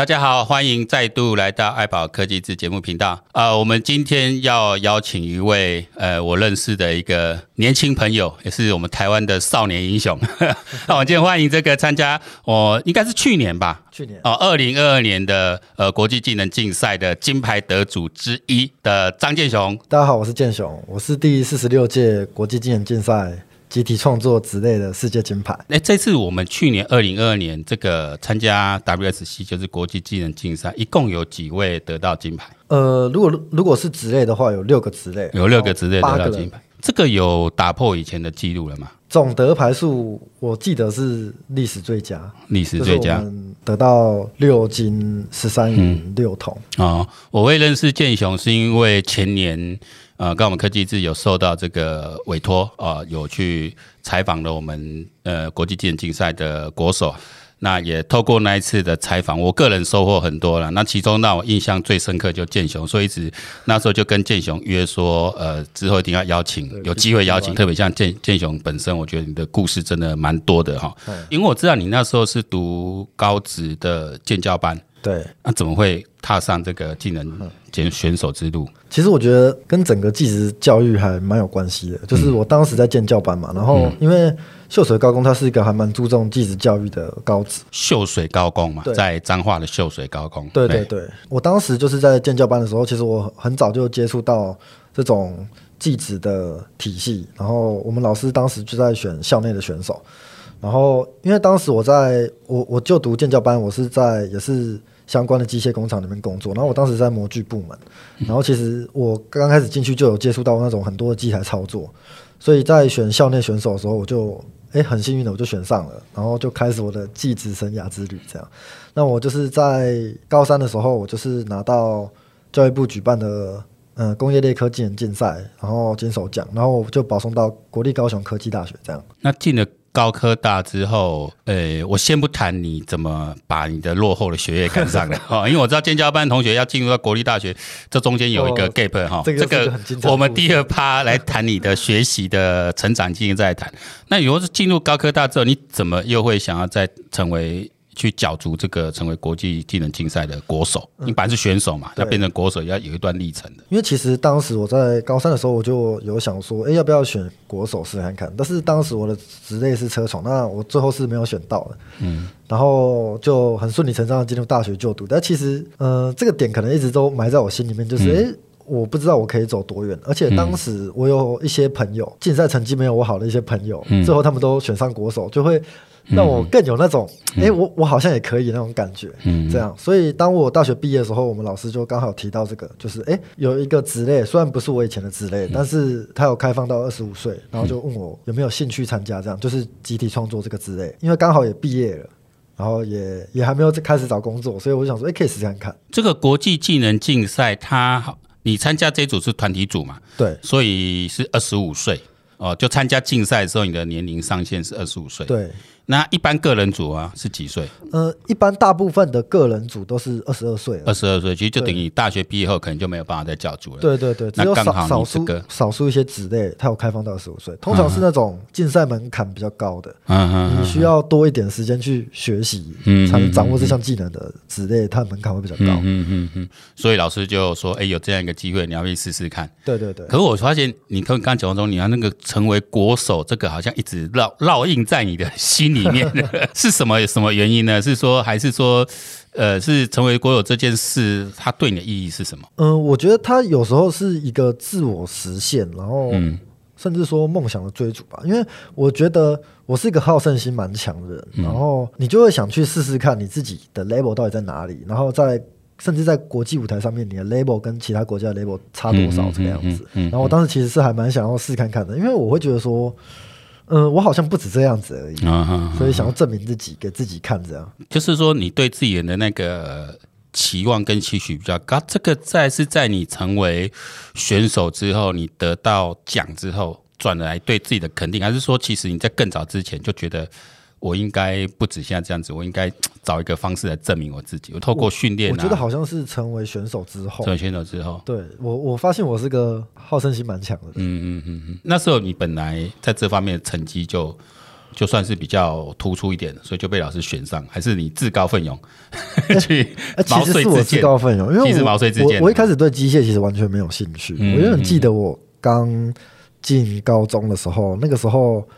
大家好，歡迎再度來到艾葆科技誌節目頻道啊、呃！我們今天要邀請一位呃，我認識的一個年輕朋友，也是我們台灣的少年英雄。那我對呵今天歡迎這個參加我、呃、應該是去年吧，去年哦，二零二二年的呃國際技能競賽的金牌得主之一的張建雄。大家好，我是建雄，我是第四十六屆國際技能競賽。集體創作職類的世界金牌。哎、欸，這次我們去年二零二二年這個參加 WSC 就是國際技能競賽，一共有幾位得到金牌？呃，如果如果是職類的話，有六個職類，有六個職類得到金牌。這個有打破以前的記錄了嗎？總得牌數我記得是歷史最佳，歷史最佳我們得到六金十三銀六銅啊！我會認識建雄是因為前年呃，剛我們科技誌有受到這個委託啊、呃，有去採訪了我們呃國際技能競賽的國手。那也透過那一次的採訪，我個人收穫很多了。那其中，讓我印象最深刻就建雄，所以一直那時候就跟建雄約說，呃，之後一定要邀請，對有機會邀請，特別像建建雄本身，我覺得你的故事真的蠻多的哈。對因為我知道你那時候是讀高職的建教班。對，那、啊、怎麼會踏上這個技能選選手之路？其實我覺得跟整個技職教育還蠻有關係的。就是我當時在建教班嘛，然後因為秀水高工他是一個還蠻注重技職教育的高職。秀水高工嘛，對在彰化的秀水高工。對，對對對，我當時就是在建教班的時候，其實我很早就接觸到這種技職的體系。然後我們老師當時就在選校內的選手。然後因為當時我在我我就讀建教班，我是在也是。相關的機械工廠裡面工作，然後我當時在模具部門，然後其實我剛開始進去就有接觸到那種很多的機台操作，所以在選校內選手的時候，我就誒很幸運的我就選上了，然後就開始我的技職生涯之旅。這樣，那我就是在高三的時候，我就是拿到教育部舉辦的嗯、呃、工業類科技能競賽，然後金手獎，然後就保送到國立高雄科技大學。這樣，那進了。高科大之後，呃、欸，我先不談你怎麼把你的落後的學業趕上來， 因為我知道建教班同學要進入到國立大學，這中間有一個 gap 哈，這個我們第二趴來談你的學習的成長經驗再談。 那如果是進入高科大之後，你怎麼又會想要再成為？去角逐這個成為國際技能競賽的國手，你本來是選手嘛，要變成國手要有一段歷程的。因為其實當時我在高三的時候我就有想說，哎，要不要選國手試看看？但是當時我的職類是車床，那我最後是沒有選到的。嗯，然後就很順理成章的進入大學就讀。但其實，呃，這個點可能一直都埋在我心裡面，就是哎、嗯，我不知道我可以走多遠。而且當時我有一些朋友，嗯、競賽成績沒有我好的一些朋友，嗯、最後他們都選上國手，就會。讓我更有那種，哎、嗯欸，我我好像也可以那種感覺，嗯，這樣。所以當我大學畢業的時候，我們老師就剛好提到這個，就是哎、欸，有一個職類，雖然不是我以前的職類，嗯、但是他有開放到二十五歲，然後就問我有沒有興趣參加，這樣就是集體創作這個職類。因為剛好也畢業了，然後也也還沒有開始找工作，所以我想說，哎、欸，可以試試看看。這個國際技能競賽，它好，你參加這一組是團體組嘛？對，所以是二十五歲，哦，就參加競賽的時候，你的年齡上限是二十五歲。對。那一般個人組啊，是幾歲？呃，一般大部分的個人組都是二十二歲。二十二歲其實就等於大學畢業後，可能就沒有辦法再教組了。對對對，只有少少數少數一些職類，它有開放到二十五歲。通常是那種競賽門檻比較高的，啊、你需要多一點時間去學習，啊啊啊、才能掌握這項技能的職類，它的門檻會比較高。嗯嗯嗯,嗯,嗯。所以老師就說：“哎、欸，有這樣一個機會，你要去試試看。”對對對。可是我發現，你看剛剛講中，你要那個成為國手，這個好像一直烙烙印在你的心裡。裡面是什麼什麼原因呢？是說還是說，呃，是成為國手這件事，它對你的意義是什麼？嗯，我覺得它有時候是一個自我實現，然後甚至說夢想的追逐吧。因為我覺得我是一個好勝心蠻強的人，然後你就會想去試試看你自己的 label 到底在哪裡，然後在甚至在國際舞台上面，你的 label 跟其他國家的 label 差多少這個樣子。然後我當時其實是還蠻想要試試看看的，因為我會覺得說。呃、嗯，我好像不止這樣子而已，嗯、哼哼哼，所以想要證明自己給自己看，這樣。就是說，你對自己人的那個期望跟期許比較高，這個在是在你成為選手之後，你得到獎之後轉來對自己的肯定，還是說，其實你在更早之前就覺得？我應該不止現在這樣子，我應該找一個方式來證明我自己。我透過訓練、啊我，我覺得好像是成為選手之後，成為選手之後，對我我發現我是個好勝心蠻強的。嗯嗯嗯嗯。那時候你本來在這方面的成績就就算是比較突出一點，所以就被老師選上，還是你自告奮勇、欸、去毛遂自薦？其實我自告奮勇，因為其實毛遂自薦，我一開始對機械其實完全沒有興趣。嗯、我也很記得我剛進高中的時候，嗯嗯、那個時候。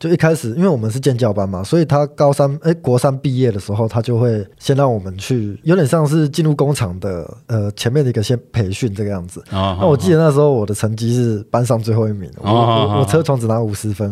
就一開始，因為我們是建教班嘛，所以他高三哎國三畢業的時候，他就會先讓我們去，有點像是進入工廠的，呃，前面的一個先培訓這個樣子。啊，那我記得那時候我的成績是班上最後一名，我我我車床只拿五十分，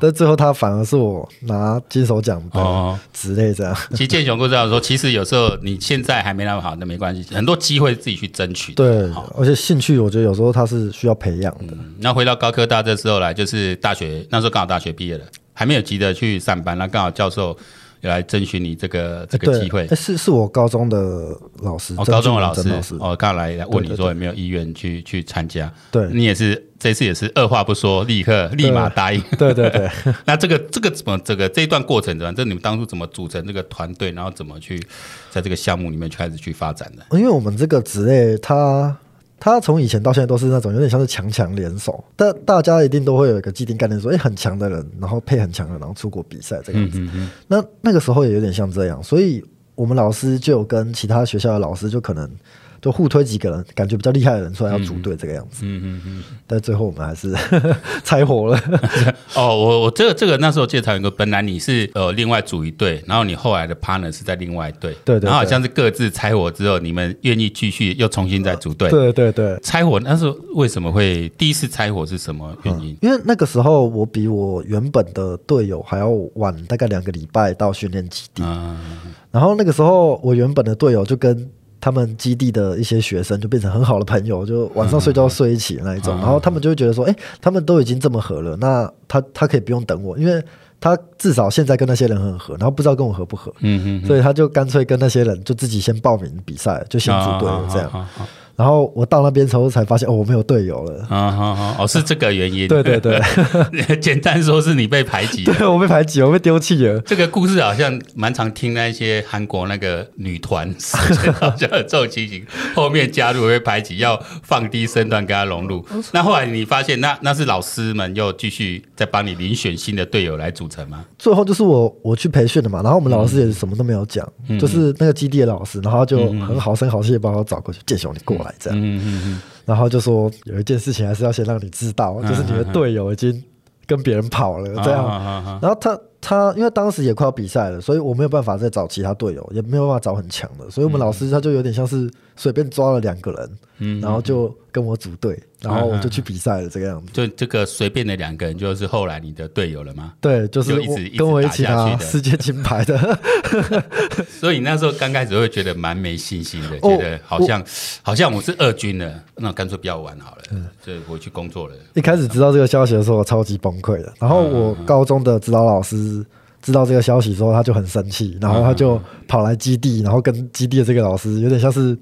但最後他反而是我拿金手獎哦之類這樣。其實建雄哥這樣說，其實有時候你現在還沒那麼好，那沒關係，很多機會自己去爭取。對，而且興趣我覺得有時候它是需要培養的。那回到高科大這時候來，就是大學那時候剛好大學畢業。畢業了，還沒有急着去上班，那剛好教授也來徵詢你這個這個機會，欸、是是我高中的老師，我、哦、高中的老師，老師哦，剛好來問你說有沒有意願去對對對對去參加，對你也是這次也是二話不說，立刻立馬答應，對,對對對， 那這個這個怎麼這個這一段過程怎麼，這你們當初怎麼組成這個團隊，然後怎麼去在這個項目裡面去開始去發展的？因為我們這個職類它。他從以前到現在都是那種有點像是強強聯手，但大家一定都會有一個既定概念說，說哎很強的人，然後配很強的，然後出國比賽這個樣子。嗯嗯嗯，那那個時候也有點像這樣，所以我們老師就有跟其他學校的老師就可能。就互推幾個人，感覺比較厲害的人，出來要組隊、嗯、這個樣子。嗯嗯嗯。嗯嗯但最後我們還是 拆夥了。 哦，我我這個這個那時候建雄哥本來你是呃另外組一隊，然後你後來的 partner 是在另外一隊。對，對對。然後好像是各自拆夥之後，你們願意繼續又重新再組隊、嗯。對對對。拆夥那時候為什麼會第一次拆夥是什麼原因、嗯？因為那個時候我比我原本的隊友還要晚大概兩個禮拜到訓練基地。嗯、然後那個時候我原本的隊友就跟。他們基地的一些學生就變成很好的朋友，就晚上睡覺睡一起那一種，嗯嗯，然後他們就會覺得說，誒、欸，他們都已經這麼合了，那他他可以不用等我，因為他至少現在跟那些人很合，然後不知道跟我合不合，嗯嗯，所以他就乾脆跟那些人就自己先報名比賽，就先組隊這樣。嗯哼哼，這樣。然後我到那邊之後才發現，哦，我沒有隊友了。啊哈哈，哦,哦是這個原因。啊、對對對， 簡單說是你被排擠。對我被排擠，我被丟棄了。這個故事好像蠻常聽，那些韓國那個女團，好像這種情形，後面加入也被排擠，要放低身段跟他融入。 那後來你發現那，那那是老師們又繼續在幫你遴選新的隊友來組成嗎？最後就是我我去培訓了嘛，然後我們老師也什麼都沒有講，嗯、就是那個基地的老師，然後就很好聲好氣幫我找過去，建雄你過來。嗯這樣，嗯、哼哼，然後就說，有一件事情還是要先讓你知道，就是你的隊友已經跟別人跑了。啊啊啊啊這樣，啊啊啊啊然後他。他因為當時也快要比賽了，所以我沒有辦法再找其他隊友，也沒有辦法找很強的，所以我們老師他就有點像是隨便抓了兩個人，嗯，然後就跟我組隊，然後我就去比賽了這個樣子，嗯。就這個隨便的兩個人，就是後來你的隊友了嗎？對，就是一直跟我一起拿世界金牌的。 所以那時候剛開始會覺得蠻沒信心的，哦、覺得好像我好像我是二軍的，那乾脆不要玩好了。嗯，所以回去工作了。一開始知道這個消息的時候，我超級崩潰的。然後我高中的指導老師，知道這個消息之後，他就很生氣，然後他就跑來基地，然後跟基地的這個老師有點像是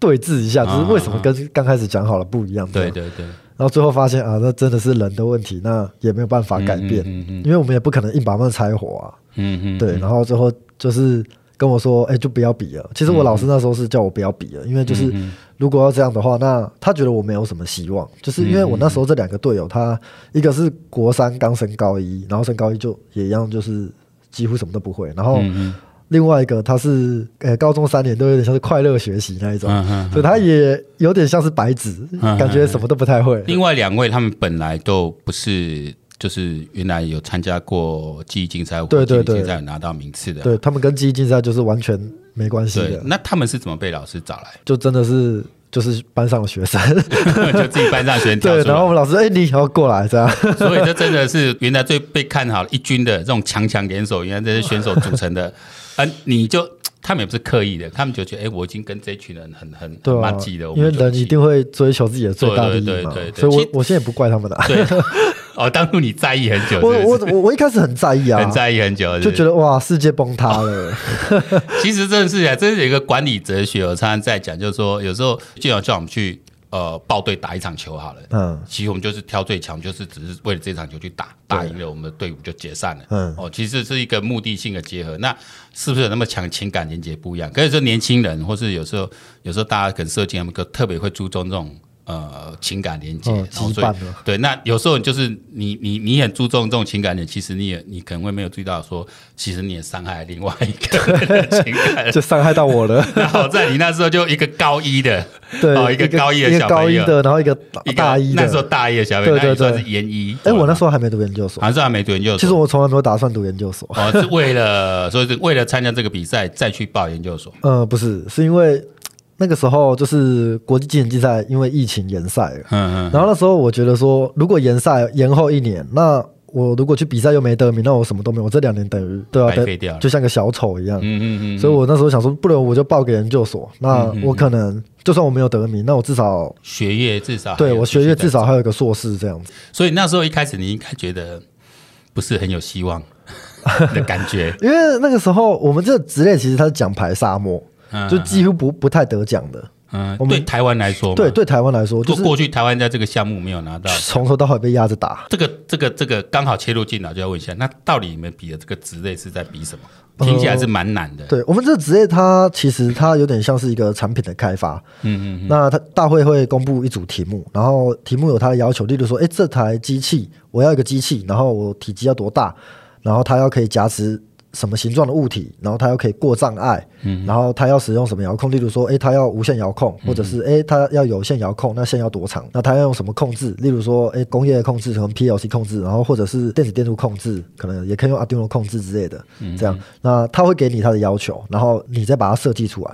對峙一下，就是為什麼跟剛開始講好了不一樣？啊、嗎對對對。然後最後發現啊，那真的是人的問題，那也沒有辦法改變，嗯嗯嗯嗯、因為我們也不可能硬把他們拆夥啊，嗯嗯。嗯嗯對，然後最後就是跟我說，哎、欸，就不要比了。其實我老師那時候是叫我不要比了，嗯、因為就是。嗯嗯如果要這樣的話，那他覺得我沒有什麼希望，就是因為我那時候這兩個隊友，嗯、他一個是國三剛升高一，然後升高一就也一樣，就是幾乎什麼都不會。然後另外一個他是、欸、高中三年都有點像是快樂學習那一種，嗯嗯嗯、所以他也有點像是白紙，嗯嗯嗯、感覺什麼都不太會。另外兩位他們本來都不是。就是原來有參加過技能競賽，或者技能競賽拿到名次的，對，對，對，對，他們跟技能競賽就是完全沒關係的。那他們是怎麼被老師找來？就真的是就是班上的學生， 就自己班上學生對，然後我們老師哎、欸，你想要過來這樣，所以這真的是原來最被看好一軍的這種強強聯手，原來這些選手組成的。哇 嗯、你就他們也不是刻意的，他們就覺得哎、欸，我已經跟這群人很很麻吉、啊、的，因為人一定會追求自己的最大利益嘛，對對對，對，對，對，所以我我現在也不怪他們了。對 哦，當初你在意很久是不是我？我我我我一開始很在意啊， 很在意很久是不是，就覺得哇，世界崩塌了，哦。 其實真的是呀、啊，這是有一個管理哲學，我常常在講，就是說有時候經常叫我們去呃報隊打一場球好了，嗯，其實我們就是挑最強，就是只是為了這場球去打，打贏了我們的隊伍就解散了，了，嗯，哦，其實是一個目的性的結合，那是不是有那麼強情感連接不一樣？可以說年輕人或是有時候，有時候大家可能社交，他們都特別會注重這種。呃，情感連接，所以對，那有時候就是你你你很注重這種情感的。其實你也你可能會沒有注意到，說其實你也傷害了另外一個情感，就傷害到我了。好在你那時候就一個高一的，對，一個高一的小朋友，一個高一的，然後一個一大一，那時候大一的小朋友，那時候是研一。哎，我那時候還沒讀研究所，還算沒讀研究所。其實我從來沒有打算讀研究所，是為了，所以是為了參加這個比賽再去報研究所。呃，不是，是因為。那個時候就是國際技能競賽，因為疫情延賽。嗯嗯、嗯。然後那時候我覺得說，如果延賽延後一年，那我如果去比賽又沒得名，那我什麼都沒有。我這兩年等於都要白費掉了，就像個小丑一樣。嗯、嗯嗯嗯。所以我那時候想說，不如我就報給研究所。那我可能嗯嗯嗯就算我沒有得名，那我至少學業至少對我學業至少還有、還有一個碩士這樣子。所以那時候一開始你應該覺得不是很有希望的感覺， 因為那個時候我們這職類其實它是獎牌沙漠。嗯，就幾乎不不太得獎的。嗯，對台灣來說，對對台灣來說，就、是，就過去台灣在這個項目沒有拿到，從頭到尾被壓着打，這個，這個這個這個剛好切入進來，就要問一下，那到底你們比的這個職類是在比什麼？聽起來是蠻難的，呃。對，我們這個職業它其實它有點像是一個產品的開發。嗯嗯。那它大會會公布一組題目，然後題目有它的要求，例如說，哎、欸，這台機器我要一個機器，然後我體積要多大，然後它要可以夾持。什麼形狀的物體，然後它又可以過障礙，嗯，然後它要使用什麼遙控？例如說，誒、欸，它要無線遙控，或者是誒、欸，它要有線遙控，那線要多長？那它要用什麼控制？例如說，誒、欸，工業控制，什麼 PLC 控制，然後或者是電子電路控制，可能也可以用 Arduino 控制之類的，嗯嗯，這樣。那他會給你他的要求，然後你再把它設計出來。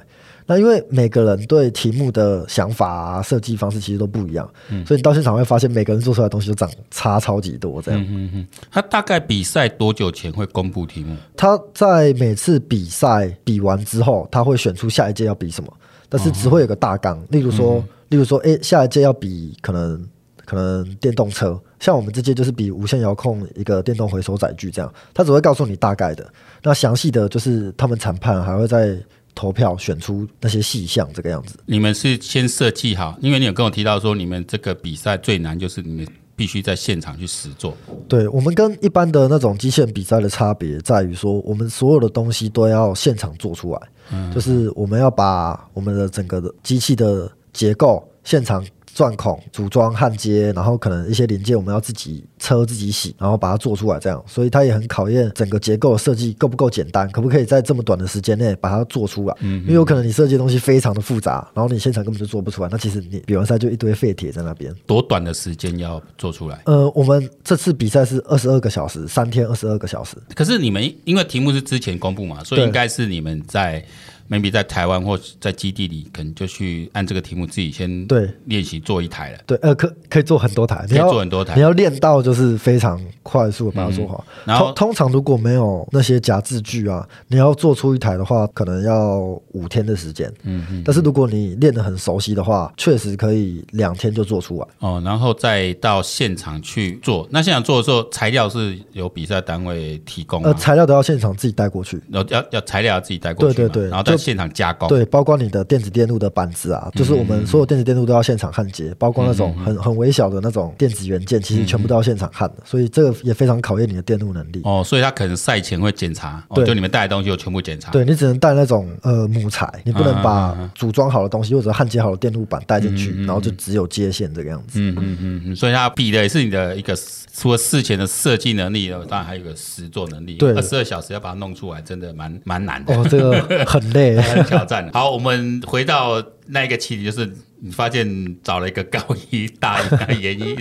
那因為每個人對題目的想法、啊、設計方式其實都不一樣，嗯、哼所以你到現場會發現每個人做出來的東西都長差超級多。這樣、嗯哼哼，他大概比賽多久前會公布題目？他在每次比賽比完之後，他會選出下一屆要比什麼，但是只會有個大綱。哦、哼例如說，嗯、哼例如說，誒、欸，下一屆要比可能可能電動車，像我們這屆就是比無線遙控一個電動回收載具這樣。他只會告訴你大概的，那詳細的就是他們談判還會在。投票選出那些細項，這個樣子。你們是先設計好，因為你有跟我提到說，你們這個比賽最難就是你們必須在現場去實做。對，我們跟一般的那種機械比賽的差別在於說，我們所有的東西都要現場做出來，嗯，就是我們要把我們的整個的機器的結構現場。鑽孔、組裝、焊接，然後可能一些零件我們要自己車、自己洗，然後把它做出來，這樣。所以它也很考驗整個結構的設計夠不夠簡單，可不可以在這麼短的時間內把它做出來？嗯哼。因為有可能你設計的東西非常的複雜，然後你現場根本就做不出來，那其實你比完賽就一堆廢鐵在那邊。多短的時間要做出來？呃，我們這次比賽是二十二個小時，三天二十二個小時。可是你們因為題目是之前公布嘛，所以應該是你們在。maybe 在台灣或在基地裡，可能就去按這個題目自己先對練習做一台了。對，呃，可可以做很多台，可以做很多台。你要練到就是非常快速的把它做好。嗯、然後通通常如果沒有那些夾治具啊，你要做出一台的話，可能要五天的時間，嗯。嗯嗯。但是如果你練得很熟悉的話，確實可以兩天就做出來。哦，然後再到現場去做。那現場做的時候，材料是由比賽單位提供的，呃。材料都要現場自己帶過去。要要要材料要自己帶過去，對對對，然後現場加工，對，包括你的電子電路的板子啊，就是我們所有電子電路都要現場焊接，包括那種很很微小的那種電子元件，其實全部都要現場焊的，所以這個也非常考驗你的電路能力哦。所以它可能賽前會檢查，哦，就你們帶的東西我全部檢查。對，你只能帶那種呃木材，你不能把組裝好的東西或者焊接好的電路板帶進去，然後就只有接線這個樣子。嗯，嗯嗯嗯，所以它比的也是你的一個除了事前的設計能力，當然還有個實作能力。對了，十二小時要把它弄出來，真的蠻蠻難的。哦，這個很累。 挑戰好，我們回到那個契機，就是你發現找了一個高一、大一、研一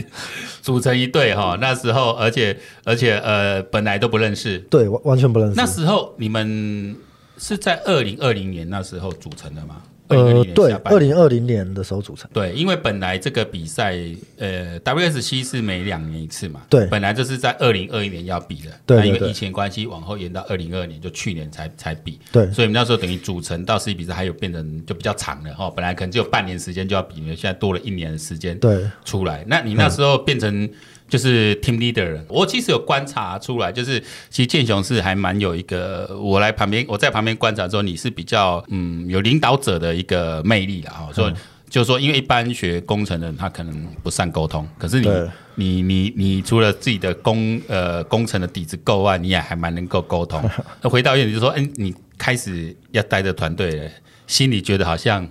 組成一隊哈、 哦。那時候，而且而且呃，本來都不認識，對，完全不認識。那時候你們是在二零二零年那時候組成的嗎？2020年下半呃，對，二零二零年的時候組成。對，因為本來這個比賽，呃，WSC 是每兩年一次嘛。對，本來就是在二零二一年要比的，對，對，對，對、啊，因為疫情關係，往後延到二零二二年，就去年才才比。對，所以我們那時候等於組成到實際比賽，還有變成就比較長了哈、哦。本來可能只有半年時間就要比，因為現在多了一年的時間。對，出來，對那你那時候變成。嗯就是 team leader 人，我其實有觀察出來，就是其實建雄是還蠻有一個，我來旁邊，我在旁邊觀察說你是比較嗯有領導者的一個魅力啊、哦，嗯、說就是說，因為一般學工程人他可能不善溝通，可是你對你你你，你除了自己的工呃工程的底子夠外，你也還蠻能夠溝通。那 回到一點，就說，嗯你開始要帶着團隊了，心裡覺得好像。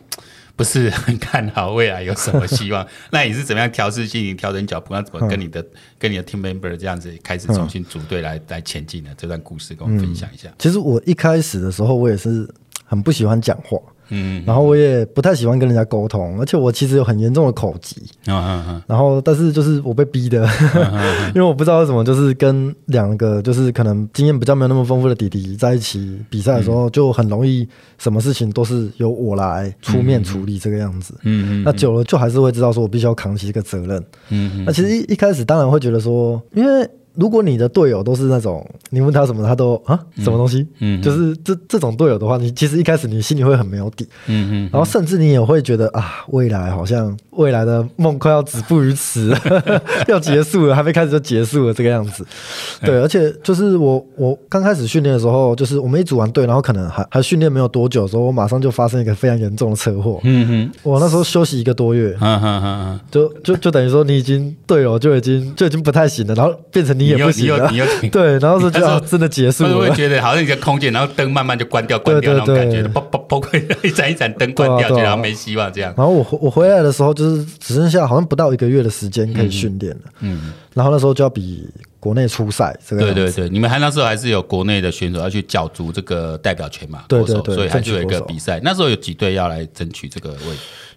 不是很看好未來有什麼希望， 那你是怎麼樣調適心情、調整腳步，那怎麼跟你的、嗯、跟你的 team member 這樣子開始重新組隊來、嗯、來前進的？這段故事跟我們分享一下、嗯。其實我一開始的時候，我也是很不喜歡講話。嗯，然後我也不太喜歡跟人家溝通，而且我其實有很嚴重的口疾、啊、然後，但是就是我被逼的，啊、哈哈 因為我不知道為什麼，就是跟兩個就是可能經驗比較沒有那麼豐富的弟弟在一起比賽的時候，嗯、就很容易什麼事情都是由我來出面處理這個樣子。嗯，嗯嗯那久了就還是會知道說，我必須要扛起這個責任。嗯哼，那其實一一開始當然會覺得說，因為。如果你的隊友都是那種你問他什麼他都啊什麼東西，嗯，嗯就是這這種隊友的話，你其實一開始你心裡會很沒有底，嗯嗯，嗯嗯然後甚至你也會覺得啊未來好像未來的夢快要止步於此，啊、 要結束了，還沒開始就結束了這個樣子，對，而且就是我我剛開始訓練的時候，就是我們一組完隊，然後可能還還訓練沒有多久的時候，我馬上就發生一個非常嚴重的車禍，嗯，嗯哼，我那時候休息一個多月，嗯嗯、啊啊啊，就就就等於說你已經隊友就已經就已經不太行了，然後變成你。你,你又你又你又停。你對，然後是就要、啊、說真的結束，就會覺得好像一個空間，然後燈慢慢就關掉，關掉那種感覺，砰砰砰砰一盞一盞燈關掉，就然後沒希望這樣。然後我我回來的時候，就是只剩下好像不到一個月的時間可以訓練了嗯。嗯，然後那時候就要比。國內初賽，這個這對對對，你們還那時候還是有國內的選手要去角逐這個代表權嘛？對對對國手，所以還是有一個比賽，對對對那時候有幾隊要來爭取這個位，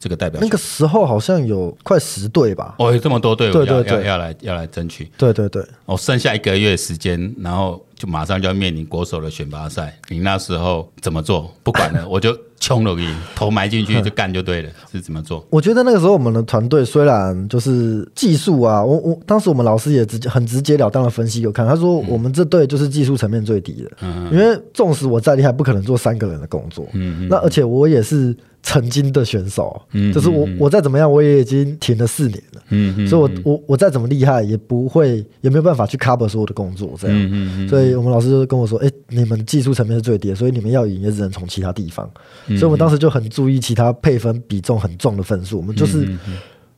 這個代表權。那個時候好像有快十隊吧？哦，有、欸、這麼多隊要對對對要要,要來要來爭取。對對對，哦，我剩下一個月時間，然後就馬上就要面臨國手的選拔賽，你那時候怎麼做？不管了，我就。衝了，頭埋進去就幹就對了，嗯、是怎麼做？我覺得那個時候我們的團隊雖然就是技術啊，我我當時我們老師也直接很直截了當的分析給我，有看他說我們這隊就是技術層面最低的，嗯、因為縱使我再厲害，不可能做三個人的工作，嗯，嗯嗯那而且我也是。曾經的選手，嗯，就是我，我再怎麼樣，我也已經停了四年了，嗯，嗯，嗯，所以我我我再怎麼厲害，也不會，也沒有辦法去 cover 所有的工作，這樣，嗯，嗯，嗯，嗯，所以我們老師就跟我說，哎、欸，你們技術層面是最低，所以你們要贏，也只能從其他地方，所以我們當時就很注意其他配分比重很重的分數，我們就是。嗯，嗯，嗯，嗯。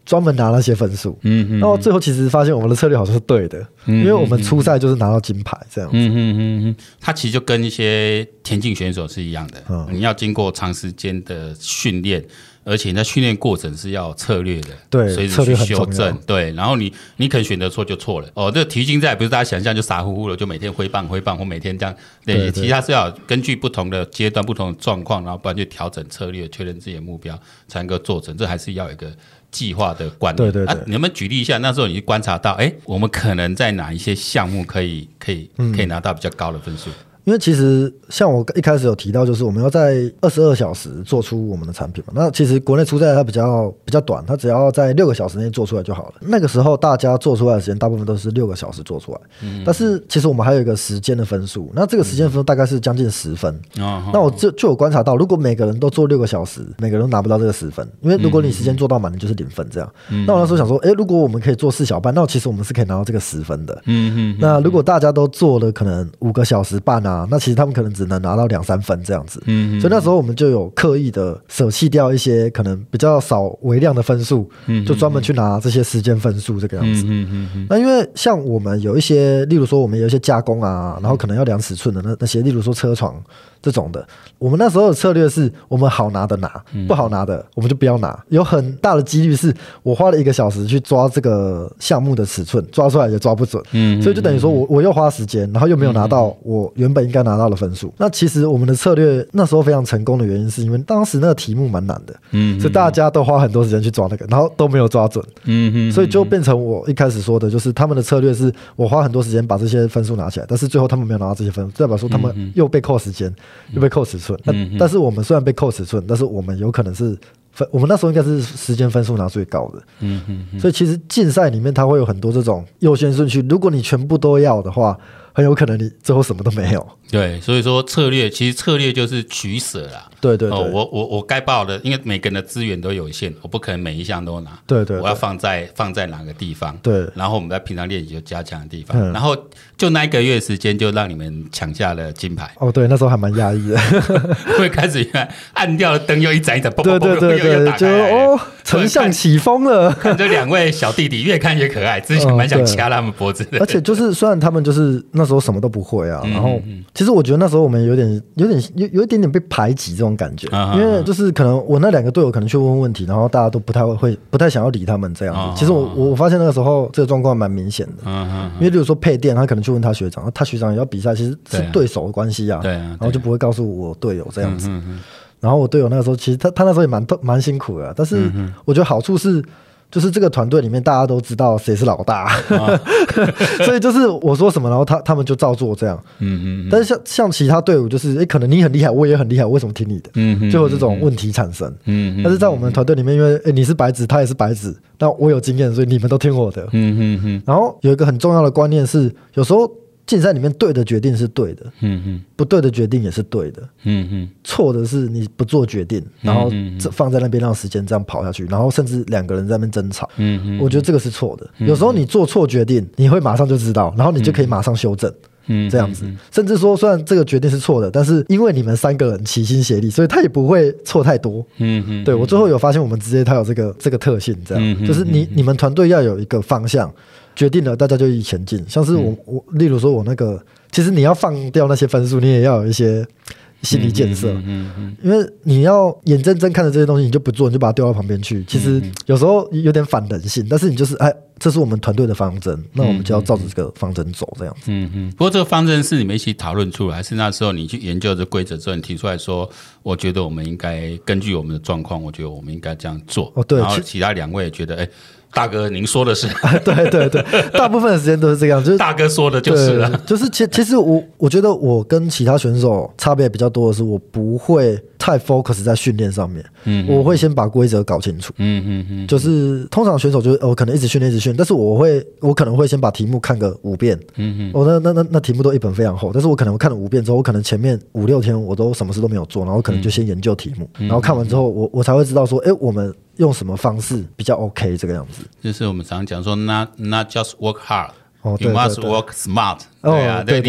專門拿那些分數，嗯，嗯，然後最後其實發現我們的策略好像是對的，嗯嗯嗯，因為我們初賽就是拿到金牌這樣子。嗯嗯嗯，他其實就跟一些田徑選手是一樣的，嗯、你要經過長時間的訓練，而且那訓練過程是要策略的，對，所以去修正策略很重要。對，然後你你肯選擇錯就錯了。哦，這個、體育競賽不是大家想象就傻乎乎的，就每天揮棒揮棒或每天這樣。對，對，對其他是要根據不同的階段、不同的狀況，然後不斷去調整策略，確認自己的目標，才能夠做成。這還是要一個。計劃的觀。對對對，啊、你們舉例一下，那時候你就觀察到，哎，我們可能在哪一些項目可以可以、嗯、可以拿到比較高的分數？因為其實像我一開始有提到，就是我們要在二十二小時做出我們的產品嘛。那其實國內出賽它比較比較短，它只要在六個小時內做出來就好了。那個時候大家做出來的時間大部分都是六個小時做出來。但是其實我們還有一個時間的分數，那這個時間分大概是將近十分。那我就就有觀察到，如果每個人都做六個小時，每個人都拿不到這個十分，因為如果你時間做到滿，你就是零分這樣。那我那時候想說，哎，如果我們可以做四小半，那其實我們是可以拿到這個十分的。嗯嗯。那如果大家都做了可能五個小時半呢？啊，那其實他們可能只能拿到兩三分這樣子，嗯，所以那時候我們就有刻意的捨棄掉一些可能比較少微量的分數，嗯，就專門去拿這些時間分數這個樣子，嗯嗯嗯。嗯嗯嗯那因為像我們有一些，例如說我們有一些加工啊，然後可能要量尺寸的那那些，例如說車床這種的，我們那時候的策略是我們好拿的拿，嗯，不好拿的我們就不要拿，有很大的幾率是我花了一個小時去抓這個項目的尺寸，抓出來也抓不準，嗯，嗯，所以就等於說我我又花時間，然後又沒有拿到我原本。應該拿到了分數。那其實我們的策略那時候非常成功的原因，是因為當時那個題目蠻難的，嗯哼，所以大家都花很多時間去抓那個，然後都沒有抓準，嗯嗯哼，所以就變成我一開始說的，就是他們的策略是我花很多時間把這些分數拿起來，但是最後他們沒有拿到這些分，代表說他們又被扣時間，嗯、哼又被扣尺寸。那、嗯、哼但，但是我們雖然被扣尺寸，但是我們有可能是分，我們那時候應該是時間分數拿最高的，嗯嗯哼。所以其實競賽裡面它會有很多這種優先順序，如果你全部都要的話，很有可能你最後什麼都沒有。對，所以說策略其實策略就是取舍啦。對對哦，我我我該報的，因為每個人的資源都有限，我不可能每一項都拿。對對，我要放在放在哪個地方？對，然後我們在平常練習就加強的地方。然後就那一個月時間就讓你們搶下了金牌。哦對，那時候還蠻壓抑的，會開始按掉的燈又一盞一盞，對對對對對，就哦，丞相起風了。這兩位小弟弟越看越可愛，之前蠻想掐他們脖子的。而且就是雖然他們就是。那時候什麼都不會啊，然後其實我覺得那時候我們有點有點有有一點點被排擠這種感覺，因為就是可能我那兩個隊友可能去問問題，然後大家都不太會不太想要理他們這樣子。其實我我發現那個時候這個狀況蠻明顯的，因為比如說配電，他可能去問他學長，他學長也要比賽，其實是對手的關係啊，然後就不會告訴我隊友這樣子。然後我隊友那個時候其實他他那時候也蠻特蠻辛苦的啊，但是我覺得好處是。就是這個團隊裡面，大家都知道誰是老大，啊、 所以就是我說什麼，然後他他們就照做這樣。嗯嗯。但是像像其他隊伍，就是誒，可能你很厲害，我也很厲害，我為什麼聽你的？嗯嗯。最後這種問題產生。嗯哼哼哼。但是在我們團隊裡面，因為誒你是白紙，他也是白紙，那我有經驗，所以你們都聽我的。嗯嗯，然後有一個很重要的觀念是，有時候。競賽裡面，對的決定是對的，嗯嗯哼，不對的決定也是對的，嗯嗯哼，錯的是你不做決定，嗯、哼然後放在那邊讓時間這樣跑下去，嗯、哼然後甚至兩個人在那邊爭吵，嗯嗯哼，我覺得這個是錯的。嗯、哼有時候你做錯決定，你會馬上就知道，然後你就可以馬上修正，嗯哼，這樣子。甚至說，雖然這個決定是錯的，但是因為你們三個人齊心協力，所以他也不會錯太多，嗯嗯哼。對，我最後有發現，我們直接他有這個這個特性，這樣、嗯、哼就是你你們團隊要有一個方向。決定了，大家就一起前進。像是我，我例如說，我那個，其實你要放掉那些分數，你也要有一些心理建設，嗯。嗯嗯。因為你要眼睜睜看着這些東西，你就不做，你就把它丟到旁邊去。其實有時候有點反人性，但是你就是哎，這是我們團隊的方針，嗯、哼那我們就要照着這個方針走，這樣子。嗯嗯。不過這個方針是你們一起討論出來，還是那時候你去研究這規則之後你提出來說，我覺得我們應該根據我們的狀況，我覺得我們應該這樣做。哦，對。然後其他兩位也覺得，哎其。欸大哥，您說的是、啊、對對對，大部分的時間都是這樣，就是大哥說的就是了，就是其其實我我覺得我跟其他選手差別比較多的是，我不會，太 focus 在訓練上面，嗯、哼我會先把規則搞清楚。嗯嗯哼嗯，就是通常選手就是、哦、我可能一直訓練一直訓練，但是我會我可能會先把題目看個五遍。嗯嗯哼，我、哦、那那那那題目都一本非常厚，但是我可能看了五遍之後，我可能前面五六天我都什麼事都沒有做，然後可能就先研究題目，嗯、哼然後看完之後我我才會知道說，哎、欸，我們用什麼方式比較 OK 這個樣子。就是我們常常講說，not not just work hard。You must work smart, 哦，smart。對啊，對，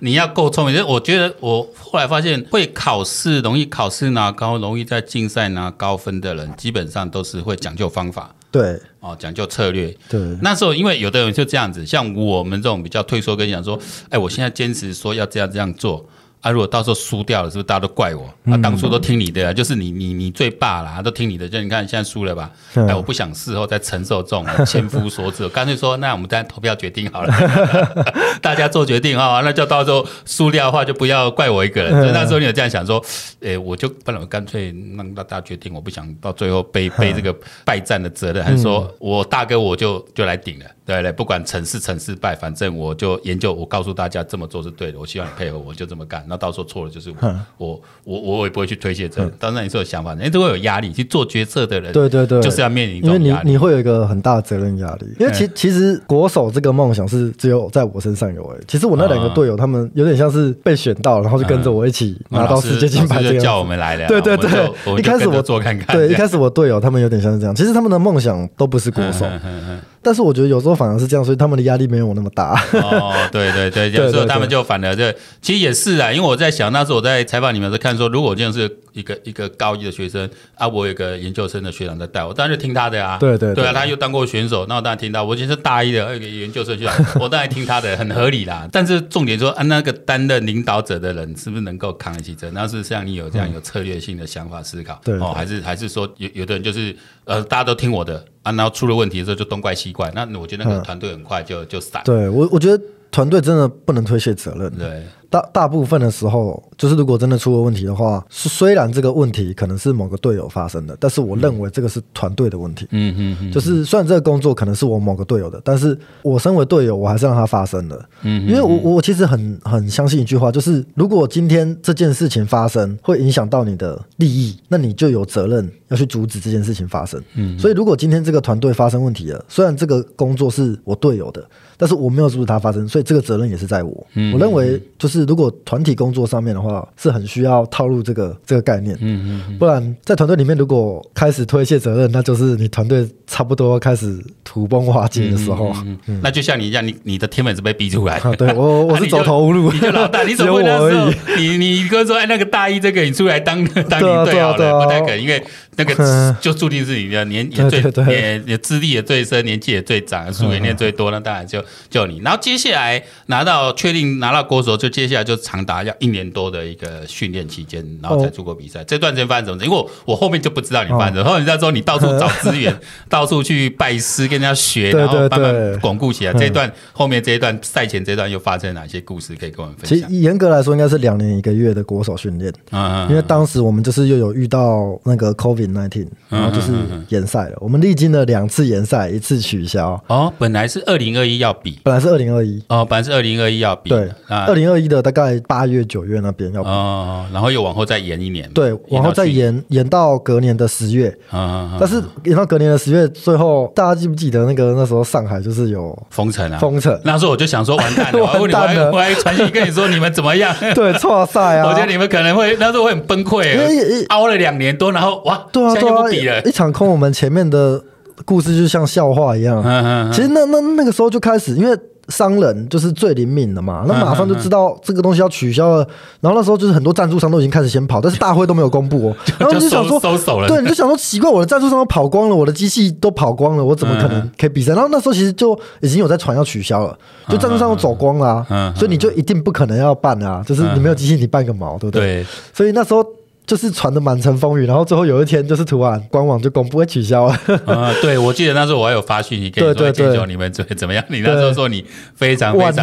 你，你要夠聰明。我覺得我後來發現，會考試容易考試拿高，容易在競賽拿高分的人，基本上都是會講究方法，對，哦，講究策略。對，那時候因為有的人就這樣子，像我們這種比較退縮，跟你講說，哎，我現在堅持說要這樣這樣做。啊，如果到時候輸掉了，是不是大家都怪我？嗯、啊，當初都聽你的，就是你你你最霸了，都聽你的。就你看現在輸了吧？哎、嗯，我不想事後再承受這種千夫所指，乾 脆說，那我們再投票決定好了， 大家做決定啊、哦。那就到時候輸掉的話，就不要怪我一個人。嗯、那時候你有這樣想說，哎、欸，我就不能乾脆讓大家決定，我不想到最後背背這個敗戰的責任，還是說、嗯、我大哥我就就來頂了，對不對？不管成是成是敗，反正我就研究，我告訴大家這麼做是對的，我希望你配合，我就這麼幹。那到時候錯了就是我，哼我我我也不會去推卸責任。當然你是有想法，因為都會有壓力去做決策的人，對對對，就是要面臨因為你你會有一個很大的責任壓力。因為其、嗯、其實國手這個夢想是只有在我身上有誒、欸。其實我那兩個隊友、嗯、他們有點像是被選到，然後就跟着我一起拿到世界金牌這樣。嗯、就叫我們來的，對對對。一開始我做看看，對，一開始我隊友他們有點像是這樣。其實他們的夢想都不是國手。嗯嗯嗯嗯但是我覺得有時候反而是這樣，所以他們的壓力沒有我那麼大。 哦，對對對，有時候他們就反了，這其實也是啊。因為我在想，那時候我在採訪你們是看說，如果我這樣是一個一個高一的學生啊，我有一個研究生的學長在帶我，當然就聽他的呀、啊。對對對,對,對啊，他又當過選手，那我當然聽到。我已經是大一的，還有個研究生學長，我當然聽他的，很合理啦。 但是重點說，按、啊、那個擔任領導者的人是不是能夠扛得起這？那是像你有這樣、嗯、有策略性的想法思考，對對哦，還是還是說有有的人就是呃，大家都聽我的。啊、然後出了問題的時候就東怪西怪，那我覺得那個團隊很快就、嗯、就散了，對，我，我覺得。團隊真的不能推卸責任。對，大大部分的時候，就是如果真的出了問題的話，雖然這個問題可能是某個隊友發生的，但是我認為這個是團隊的問題。嗯嗯，就是雖然這個工作可能是我某個隊友的，但是我身為隊友，我還是讓他發生的。嗯，因為我我其實很很相信一句話，就是如果今天這件事情發生會影響到你的利益，那你就有責任要去阻止這件事情發生。嗯，所以如果今天這個團隊發生問題了，雖然這個工作是我隊友的，但是我沒有阻止他發生，所以。這個責任也是在我。我認為，就是如果團體工作上面的話，是很需要套入這個這個概念。嗯嗯。不然，在團隊裡面，如果開始推卸責任，那就是你團隊差不多開始土崩瓦解的時候。嗯嗯嗯嗯。那就像你一樣，你你的天分是被逼出來的、啊。對我，啊、我是走投無路，你就老大，你只有我而已，你你哥說：“哎，那個大一這個，你出來當當領隊好了，對啊對啊對啊，不太可能，因為。”那個就註定是你的年也最也也資歷也最深，年紀也最長，數也念最多，那當然就就你。然後接下來拿到確定拿到國手，就接下來就長達要一年多的一個訓練期間，然後才出國比賽。哦、這段時間發生什麼？因為我我後面就不知道你發生什麼。哦、後面再說你到處找資源，嗯、到處去拜師，跟人家學，對對對，然後慢慢鞏固起來。對對對，這一段後面這一段賽前這段又發生哪些故事可以跟我們分享？其實嚴格來說應該是兩年一個月的國手訓練，嗯、因為當時我們就是又有遇到那個 COVID。nineteen，然後就是延賽了。我們歷經了兩次延賽，一次取消。哦，本來是二零二一要比，本來是二零二一哦，本來是二零二一要比。對，二零二一的大概八月九月那邊要比。哦，然後又往後再延一年，對，往後再延延到隔年的十月。啊，但是延到隔年的十月，最後大家記不記得那個那時候上海就是有封城啊？封城。那時候我就想說，完蛋了，我還傳奇跟你說你們怎麼樣？對，剉賽啊！我覺得你們可能會那時候會很崩潰，因為熬了兩年多，然後哇。對啊對啊，一場空，我們前面的故事就像笑話一樣。嗯嗯。其實那那那個時候就開始，因為商人就是最靈敏的嘛，那馬上就知道這個東西要取消了。然後那時候就是很多贊助商都已經開始先跑，但是大會都沒有公布哦。然後你就想說，對，你就想說奇怪，我的贊助商都跑光了，我的機器都跑光了，我怎麼可能可以比賽？然後那時候其實就已經有在傳要取消了，就贊助商都走光了，嗯，所以你就一定不可能要辦啊，就是你沒有機器，你辦個毛，對不對？對。所以那時候，就是傳的滿城風雨，然後最後有一天就是突然官網就公布會取消了。啊、嗯，對，我記得那時候我還有發訊息給你說，對對對，請教你們，怎怎麼樣？你那時候說你非常非常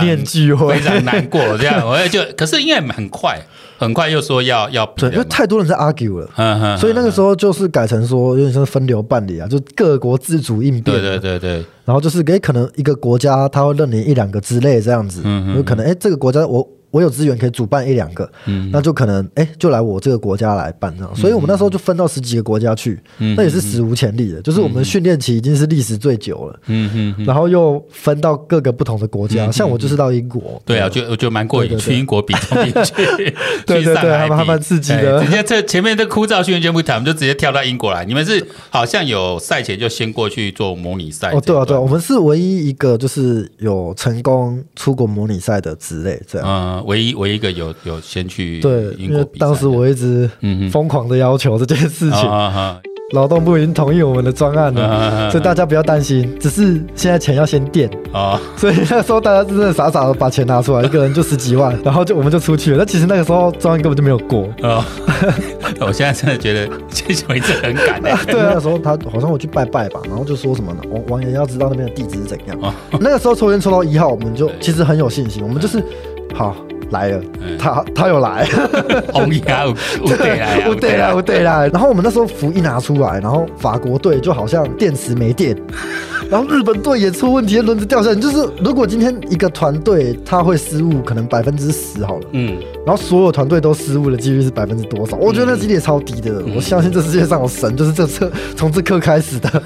非常難過這樣， 我也就可是應該很快很快又說要要。因為太多人在 argue 了，嗯嗯嗯、所以那個時候就是改成說有點像分流辦理啊，就各國自主應變、啊。對對對對。然後就是給可能一個國家他會認領一兩個之類這樣子，有、嗯嗯、可能哎、欸、這個國家我。我有資源可以主辦一兩個，那就可能哎，就來我這個國家來辦這樣。所以我們那時候就分到十幾個國家去，那也是史無前例的。就是我們訓練期已經是歷史最久了，嗯哼，然後又分到各個不同的國家，像我就是到英國，對啊，就就蠻過癮，去英國比賽，對對對，蠻刺激的。直接這前面的枯燥訓練就不談，我們就直接跳到英國來。你們是好像有賽前就先過去做模擬賽？哦，對啊，對，我們是唯一一個就是有成功出國模擬賽的職類這樣。唯一唯一一個有有先去對，因為當時我一直瘋狂的要求這件事情，嗯、哼、勞動部已經同意我們的專案了，哦哦哦、所以大家不要擔心，只是現在錢要先墊啊，哦、所以那時候大家真的傻傻的把錢拿出來，哦、一個人就十幾萬，然後就我們就出去了。那其實那個時候專案根本就沒有過啊，哦、 我現在真的覺得其實我一直很感恩、欸啊。對那個、時候他好像我去拜拜吧，然後就說什麼呢、王王爺要知道那邊的地址是怎樣。哦、那個時候抽籤抽到一號，我們就其實很有信心，我們就是、嗯、好。來了，他他又來了，對啦，對啦，然後我們那時候服一拿出來，然後法國隊就好像電池沒電，然後日本隊也出問題，輪子掉下來。就是如果今天一個團隊他會失誤，可能百分之十好了。嗯，然後所有團隊都失誤的幾率是百分之多少？我覺得那幾率也超低的。我相信這世界上有神，就是這車從這刻開始的。